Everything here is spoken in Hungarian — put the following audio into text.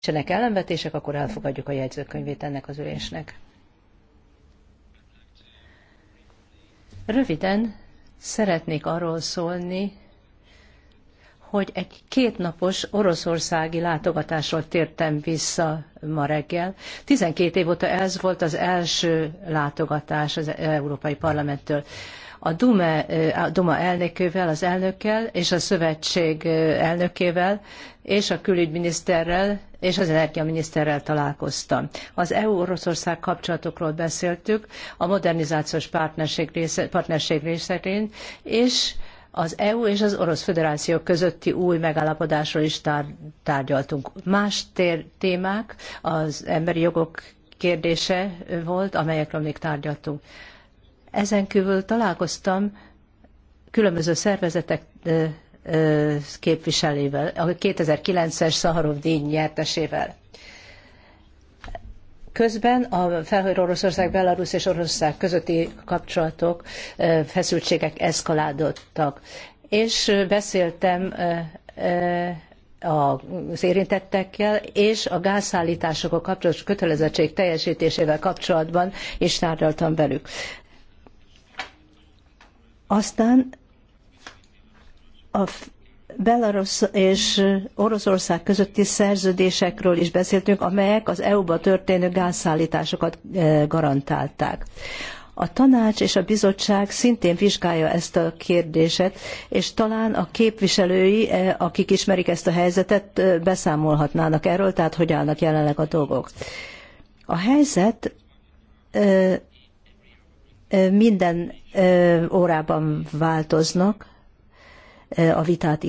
nincsenek ellenvetések, akkor elfogadjuk a jegyzőkönyvét ennek az ülésnek. Röviden szeretnék arról szólni, hogy egy kétnapos oroszországi látogatásról tértem vissza ma reggel. 12 év óta ez volt az első látogatás az Európai Parlamenttől. A Duma, a Duma elnökével, az elnökkel és a szövetség elnökével és a külügyminiszterrel és az energiaminiszterrel találkoztam. Az EU-Oroszország kapcsolatokról beszéltük, a modernizációs partnerség, része, partnerség és az EU és az Orosz Föderáció közötti új megállapodásról is tárgyaltunk. Más tér, témák az emberi jogok kérdése volt, amelyekről még tárgyaltunk. Ezen kívül találkoztam különböző szervezetek képviselével, a 2009-es Szaharov díj nyertesével. Közben a felhőr Oroszország, Belarus és Oroszország közötti kapcsolatok, feszültségek eszkalálódtak. És beszéltem az érintettekkel, és a gázszállításokkal kapcsolatos kötelezettség teljesítésével kapcsolatban is tárgyaltam velük. Aztán a Belarus és Oroszország közötti szerződésekről is beszéltünk, amelyek az EU-ba történő gázszállításokat e, garantálták. A tanács és a bizottság szintén vizsgálja ezt a kérdéset, és talán a képviselői, e, akik ismerik ezt a helyzetet, e, beszámolhatnának erről, tehát hogy állnak jelenleg a dolgok. A helyzet minden órában változnak a vitát